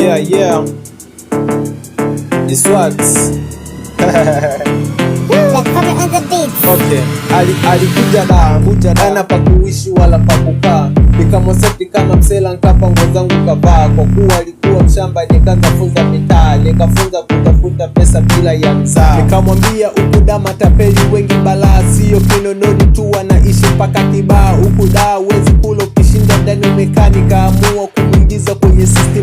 Yeah, yeah. It's what? Okay. alikuja na kuja ana pakuishi wala pakukaa nikamwaseti kama msela nkapa nguo zangu kavaa kwa kuwa alikuwa mshamba nikazafunza mitaa nikafunza kutafuta pesa bila ya mzaa nikamwambia ukudama tapeli wengi balaa sio kinononi tu wanaishi mpaka kibaa ukudaa wezi kulo kishinda ndani umekani kaamua kumwingiza kwenye system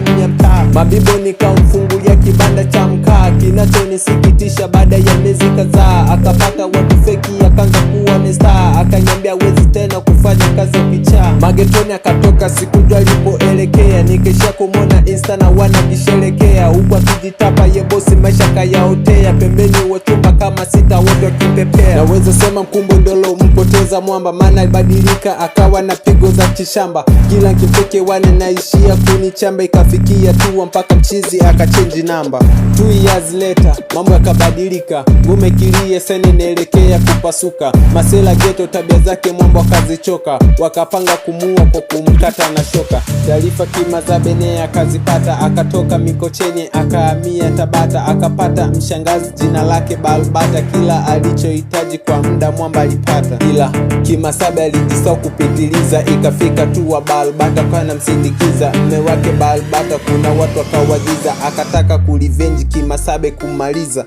Mabibo nikamfungulia kibanda cha mkaa, kinachonisikitisha baada ya miezi kadhaa, akapata watu feki, akaanza kuwa mesta, akanyambia wezi tena kufanya kazi kichaa. Magetoni akatoka, sikujua alipoelekea, nikesha kumwona insta na wana kisherekea, huku akijitapa ye bosi, maisha kayaotea, pembeni wachumba kama sita, wote wakipepea, naweza sema mkumbo ndolo mpote za mwamba, maana ibadilika akawa na pigo za kishamba. Kila nkimpekewana naishia chamba ikafikia tuwa mpaka mchizi akachenji namba. Two years later mambo yakabadilika, ngume kilie sene naelekea kupasuka. Masela geto tabia zake mwamba akazichoka wakapanga kumua kwa kumkata na shoka. Taarifa kima za Benea akazipata, akatoka Mikocheni akahamia Tabata, akapata mshangazi jina lake Balbata, kila alichohitaji kwa muda mwamba alipata ila Kimasabi alijisa kupitiliza, ikafika tu wa Balbata kanamsindikiza mme wake Balbata, kuna watu akawagiza, akataka kulivenji Kimasabi kumaliza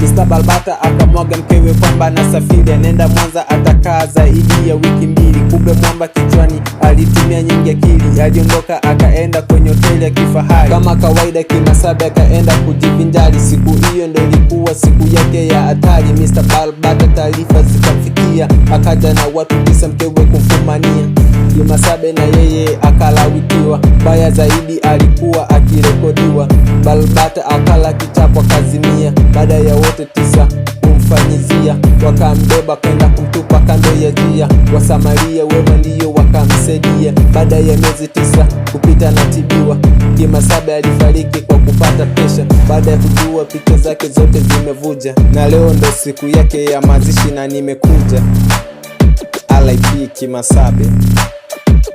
Mr. Balbata akamwaga mkewe kwamba na safiri anaenda Mwanza, atakaa zaidi ya wiki mbili. Kumbe mwamba kichwani alitumia nyingi akili. Aliondoka akaenda kwenye hoteli ya kifahari kama kawaida, kimasabi akaenda kujivinjari. Siku hiyo ndo ilikuwa siku yake ya hatari. Mr. Balbata taarifa zikamfikia, akaja na watu tisa mkewe kumfumania Juma Sabe na yeye akalawitiwa, baya zaidi alikuwa akirekodiwa. Balbata akala kichapo akazimia, baada ya wote tisa kumfanyizia, wakambeba kwenda kumtupa kando ya jia. Wasamaria wema ndiyo wakamsaidia, baada ya miezi tisa kupita na tibiwa. Juma Sabe alifariki kwa kupata pesha baada ya kujua picha zake zote zimevuja, na leo ndo siku yake ya mazishi na nimekuja. RIP Kimasabe.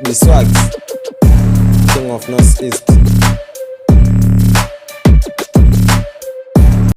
the swag, king of North East.